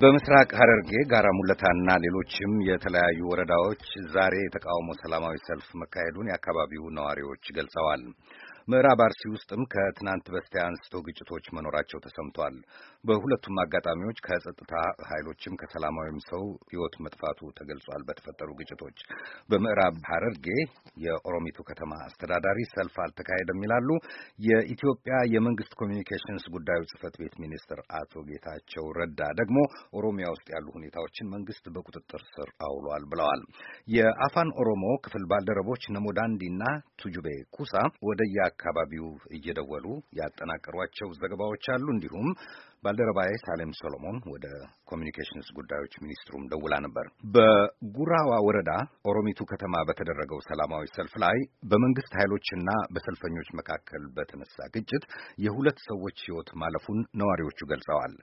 በምስራቅ ሐረርጌ ጋራ ሙለታና ሌሎችም የተለያዩ ወረዳዎች ዛሬ የተቃውሞ ሰላማዊ ሰልፍ መካሄዱን የአካባቢው ነዋሪዎች ገልጸዋል። ምዕራብ አርሲ ውስጥም ከትናንት በስቲያ አንስቶ ግጭቶች መኖራቸው ተሰምቷል። በሁለቱም አጋጣሚዎች ከጸጥታ ኃይሎችም ከሰላማዊም ሰው ሕይወት መጥፋቱ ተገልጿል። በተፈጠሩ ግጭቶች በምዕራብ ሐረርጌ የኦሮሚቱ ከተማ አስተዳዳሪ ሰልፍ አልተካሄደም ይላሉ የኢትዮጵያ የመንግስት ኮሚኒኬሽንስ ጉዳዮች ጽህፈት ቤት ሚኒስትር አቶ ጌታቸው ረዳ ደግሞ ኦሮሚያ ውስጥ ያሉ ሁኔታዎችን መንግስት በቁጥጥር ስር አውሏል ብለዋል። የአፋን ኦሮሞ ክፍል ባልደረቦች ነሞዳንዲና ቱጁቤ ኩሳ ወደ ከአካባቢው እየደወሉ ያጠናቀሯቸው ዘገባዎች አሉ። እንዲሁም ባልደረባዬ ሳሌም ሶሎሞን ወደ ኮሚኒኬሽንስ ጉዳዮች ሚኒስትሩም ደውላ ነበር። በጉራዋ ወረዳ ኦሮሚቱ ከተማ በተደረገው ሰላማዊ ሰልፍ ላይ በመንግስት ኃይሎችና በሰልፈኞች መካከል በተነሳ ግጭት የሁለት ሰዎች ሕይወት ማለፉን ነዋሪዎቹ ገልጸዋል።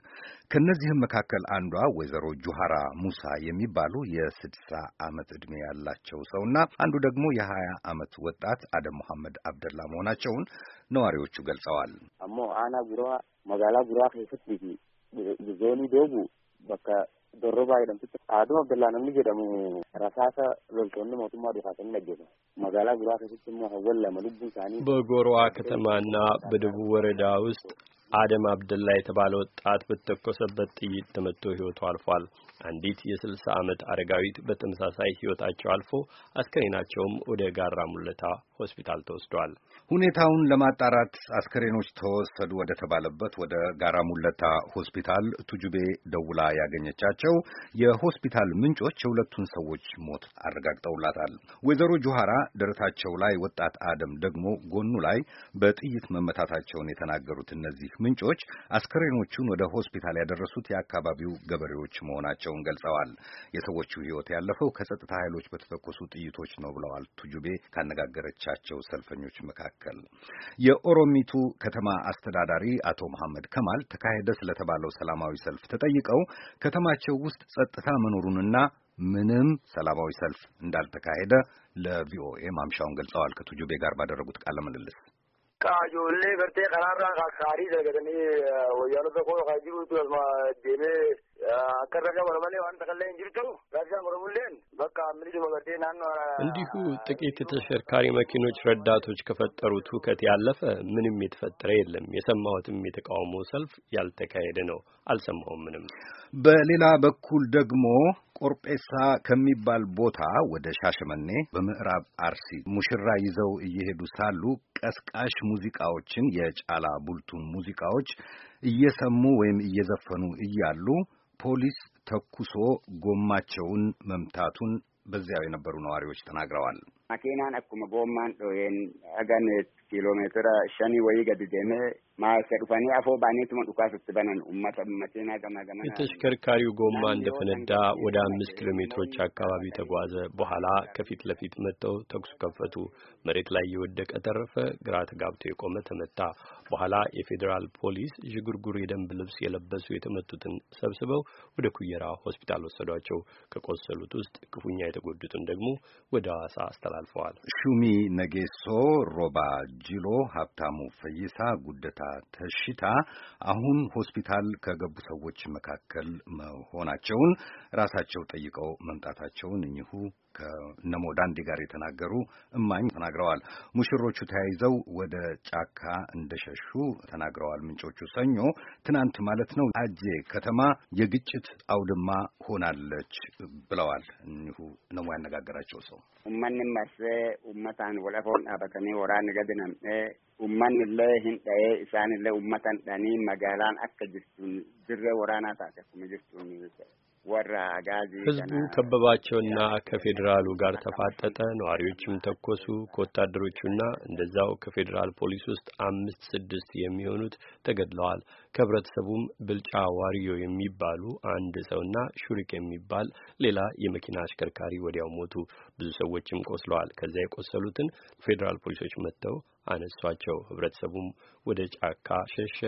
ከእነዚህም መካከል አንዷ ወይዘሮ ጁሃራ ሙሳ የሚባሉ የስድሳ ዓመት ዕድሜ ያላቸው ሰውና አንዱ ደግሞ የሀያ ዓመት ወጣት አደም መሐመድ አብደላ መሆናቸው መሆናቸውን ነዋሪዎቹ ገልጸዋል። አሞ አና ጉራ መጋላ ጉራ ከሰት ዞኒ ደቡ በካ ዶሮባ ይደምት አዶ አብደላ ነምኒ ጀደሙ ረሳሰ ሎልቶን ሞቱማ ዶካሰን ነገዱ መጋላ ጉራ ከሰት ሞ ሀወል ለመልቡ ሳኒ በጎሮዋ ከተማና በደቡብ ወረዳ ውስጥ አደም አብደላ የተባለ ወጣት በተኮሰበት ጥይት ተመቶ ህይወቱ አልፏል። አንዲት የስልሳ ዓመት አረጋዊት በተመሳሳይ ህይወታቸው አልፎ አስከሬናቸውም ወደ ጋራ ሙለታ ሆስፒታል ተወስዷል። ሁኔታውን ለማጣራት አስከሬኖች ተወሰዱ ወደ ተባለበት ወደ ጋራ ሙለታ ሆስፒታል ቱጁቤ ደውላ ያገኘቻቸው የሆስፒታል ምንጮች የሁለቱን ሰዎች ሞት አረጋግጠውላታል። ወይዘሮ ጆሃራ ደረታቸው ላይ፣ ወጣት አደም ደግሞ ጎኑ ላይ በጥይት መመታታቸውን የተናገሩት እነዚህ ምንጮች አስከሬኖቹን ወደ ሆስፒታል ያደረሱት የአካባቢው ገበሬዎች መሆናቸውን ገልጸዋል። የሰዎቹ ሕይወት ያለፈው ከጸጥታ ኃይሎች በተተኮሱ ጥይቶች ነው ብለዋል ቱጁቤ ካነጋገረቻቸው ሰልፈኞች መካከል መካከል የኦሮሚቱ ከተማ አስተዳዳሪ አቶ መሐመድ ከማል ተካሄደ ስለተባለው ሰላማዊ ሰልፍ ተጠይቀው ከተማቸው ውስጥ ጸጥታ መኖሩንና ምንም ሰላማዊ ሰልፍ እንዳልተካሄደ ለቪኦኤ ማምሻውን ገልጸዋል። ከቱጁቤ ጋር ባደረጉት ቃለ ምልልስ ቃጆሌ በርቴ ቀራራ ካሪ ዘገደኒ ወያሎ በቆ ካጂሩ ዴሜ አከረጋ ወረመሌ ዋን ተቀለይ እንጅርቱ ጋዛ ወረሙሌን በቃ ምልጅ ወገዴ ናን እንዲሁ ጥቂት ተሽከርካሪ መኪኖች ረዳቶች ከፈጠሩት ሁከት ያለፈ ምንም የተፈጠረ የለም። የሰማሁትም የተቃውሞ ሰልፍ ያልተካሄደ ነው። አልሰማሁም ምንም። በሌላ በኩል ደግሞ ቆርጴሳ ከሚባል ቦታ ወደ ሻሸመኔ በምዕራብ አርሲ ሙሽራ ይዘው እየሄዱ ሳሉ ቀስቃሽ ሙዚቃዎችን የጫላ ቡልቱን ሙዚቃዎች እየሰሙ ወይም እየዘፈኑ እያሉ ፖሊስ ተኩሶ ጎማቸውን መምታቱን በዚያው የነበሩ ነዋሪዎች ተናግረዋል። መኪናን አኩመ ጎማን ዶዬን አገን ኪሎ ሜትር ሸኒ ወይ ገድ ዴሜ ማዕከል አፎ ባኔት ዱካስት ስትበነን ኡመተ ኡመቴና ገማ ገማ የተሽከርካሪው ጎማ እንደፈነዳ ወደ አምስት ኪሎ ሜትሮች አካባቢ ተጓዘ። በኋላ ከፊት ለፊት መጥተው ተኩስ ከፈቱ። መሬት ላይ የወደቀ ተረፈ፣ ግራ ተጋብቶ የቆመ ተመታ። በኋላ የፌዴራል ፖሊስ ዥጉርጉር የደንብ ልብስ የለበሱ የተመቱትን ሰብስበው ወደ ኩየራ ሆስፒታል ወሰዷቸው። ከቆሰሉት ውስጥ ክፉኛ የተጎዱትን ደግሞ ወደ ሐዋሳ አስተላልፈዋል። ሹሚ ነጌሶ፣ ሮባ ጅሎ፣ ሀብታሙ ፈይሳ፣ ጉደታ ተሽታ አሁን ሆስፒታል ከገቡ ሰዎች መካከል መሆናቸውን ራሳቸው ጠይቀው መምጣታቸውን እኚሁ ከነሞ ዳንዴ ጋር የተናገሩ እማኝ ተናግረዋል። ሙሽሮቹ ተያይዘው ወደ ጫካ እንደሸሹ ተናግረዋል። ምንጮቹ ሰኞ ትናንት ማለት ነው አጄ ከተማ የግጭት አውድማ ሆናለች ብለዋል። እኒሁ ነሞ ያነጋገራቸው ሰው ኡመንም መስ ኡመታን ወለፎን አበከኒ ወራን ገድነም ኡመን ለ ህንዳዬ ኢሳን ለ ኡመተን ዳኒ መጋላን አከ ጅርቱን ድረ ወራና ታከ ጅርቱን ህዝቡ ከበባቸውና ከፌዴራሉ ጋር ተፋጠጠ። ነዋሪዎችም ተኮሱ። ከወታደሮቹና እንደዛው ከፌዴራል ፖሊስ ውስጥ አምስት ስድስት የሚሆኑት ተገድለዋል። ከህብረተሰቡም ብልጫ ዋሪዮ የሚባሉ አንድ ሰውና ሹሪክ የሚባል ሌላ የመኪና አሽከርካሪ ወዲያው ሞቱ። ብዙ ሰዎችም ቆስለዋል። ከዚያ የቆሰሉትን ፌዴራል ፖሊሶች መጥተው አነሷቸው። ህብረተሰቡም ወደ ጫካ ሸሸ።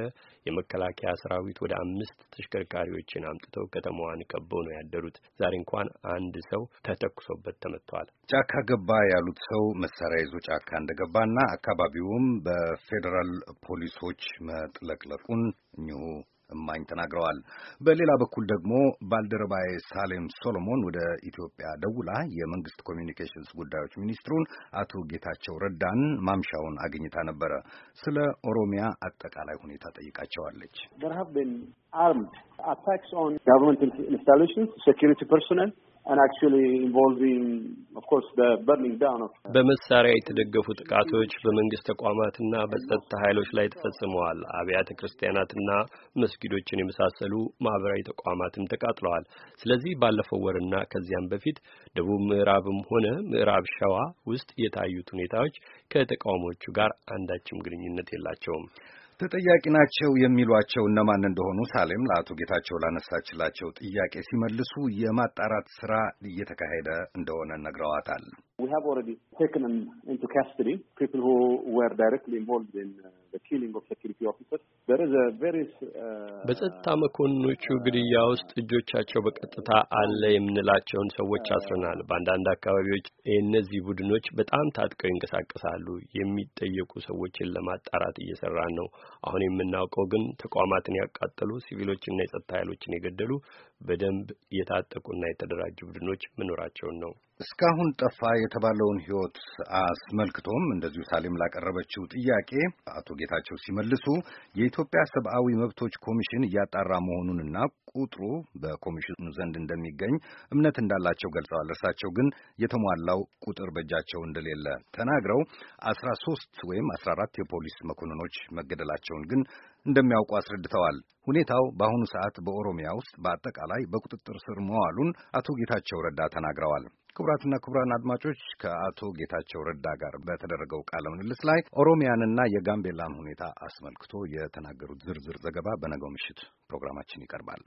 የመከላከያ ሰራዊት ወደ አምስት ተሽከርካሪዎችን አምጥተው ከተማዋን ከበው ነው ያደሩት። ዛሬ እንኳን አንድ ሰው ተተኩሶበት ተመቷል። ጫካ ገባ ያሉት ሰው መሳሪያ ይዞ ጫካ እንደገባና አካባቢውም በፌዴራል ፖሊሶች መጥለቅለቁን እኚሁ እማኝ ተናግረዋል። በሌላ በኩል ደግሞ ባልደረባዬ ሳሌም ሶሎሞን ወደ ኢትዮጵያ ደውላ የመንግስት ኮሚኒኬሽንስ ጉዳዮች ሚኒስትሩን አቶ ጌታቸው ረዳን ማምሻውን አግኝታ ነበረ። ስለ ኦሮሚያ አጠቃላይ ሁኔታ ጠይቃቸዋለች። armed attacks on government installations, security personnel, በመሳሪያ የተደገፉ ጥቃቶች በመንግስት ተቋማትና በጸጥታ ኃይሎች ላይ ተፈጽመዋል። አብያተ ክርስቲያናትና መስጊዶችን የመሳሰሉ ማህበራዊ ተቋማትም ተቃጥለዋል። ስለዚህ ባለፈው ወርና ከዚያም በፊት ደቡብ ምዕራብም ሆነ ምዕራብ ሸዋ ውስጥ የታዩት ሁኔታዎች ከተቃውሞቹ ጋር አንዳችም ግንኙነት የላቸውም። ተጠያቂ ናቸው የሚሏቸው እነማን እንደሆኑ ሳሌም ለአቶ ጌታቸው ላነሳችላቸው ጥያቄ ሲመልሱ የማጣራት ስራ እየተካሄደ እንደሆነ ነግረዋታል። Uh, በጸጥታ መኮንኖቹ ግድያ ውስጥ እጆቻቸው በቀጥታ አለ የምንላቸውን ሰዎች uh, አስረናል። በአንዳንድ አካባቢዎች የእነዚህ ቡድኖች በጣም ታጥቀው ይንቀሳቀሳሉ። የሚጠየቁ ሰዎችን ለማጣራት እየሰራን ነው። አሁን የምናውቀው ግን ተቋማትን ያቃጠሉ፣ ሲቪሎችና የጸጥታ ኃይሎችን የገደሉ በደንብ የታጠቁና የተደራጁ ቡድኖች መኖራቸውን ነው። እስካሁን ጠፋ የተባለውን ሕይወት አስመልክቶም እንደዚሁ ሳሌም ላቀረበችው ጥያቄ አቶ ጌታቸው ሲመልሱ የኢትዮጵያ ሰብአዊ መብቶች ኮሚሽን እያጣራ መሆኑንና ቁጥሩ በኮሚሽኑ ዘንድ እንደሚገኝ እምነት እንዳላቸው ገልጸዋል። እርሳቸው ግን የተሟላው ቁጥር በእጃቸው እንደሌለ ተናግረው አስራ ሶስት ወይም አስራ አራት የፖሊስ መኮንኖች መገደላቸውን ግን እንደሚያውቁ አስረድተዋል። ሁኔታው በአሁኑ ሰዓት በኦሮሚያ ውስጥ በአጠቃላይ በቁጥጥር ስር መዋሉን አቶ ጌታቸው ረዳ ተናግረዋል። ክቡራትና ክቡራን አድማጮች ከአቶ ጌታቸው ረዳ ጋር በተደረገው ቃለ ምልልስ ላይ ኦሮሚያንና የጋምቤላን ሁኔታ አስመልክቶ የተናገሩት ዝርዝር ዘገባ በነገው ምሽት ፕሮግራማችን ይቀርባል።